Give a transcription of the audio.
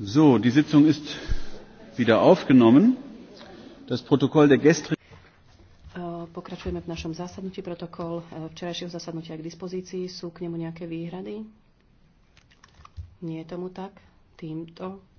So, die Sitzung ist wieder aufgenommen. Das Protokoll der gestrigen äh, Pokračujeme v našom zasadnutí. Protokol äh, včerajšieho zasadnutia k dispozícii. Sú k nemu nejaké výhrady? Nie je tomu tak. Týmto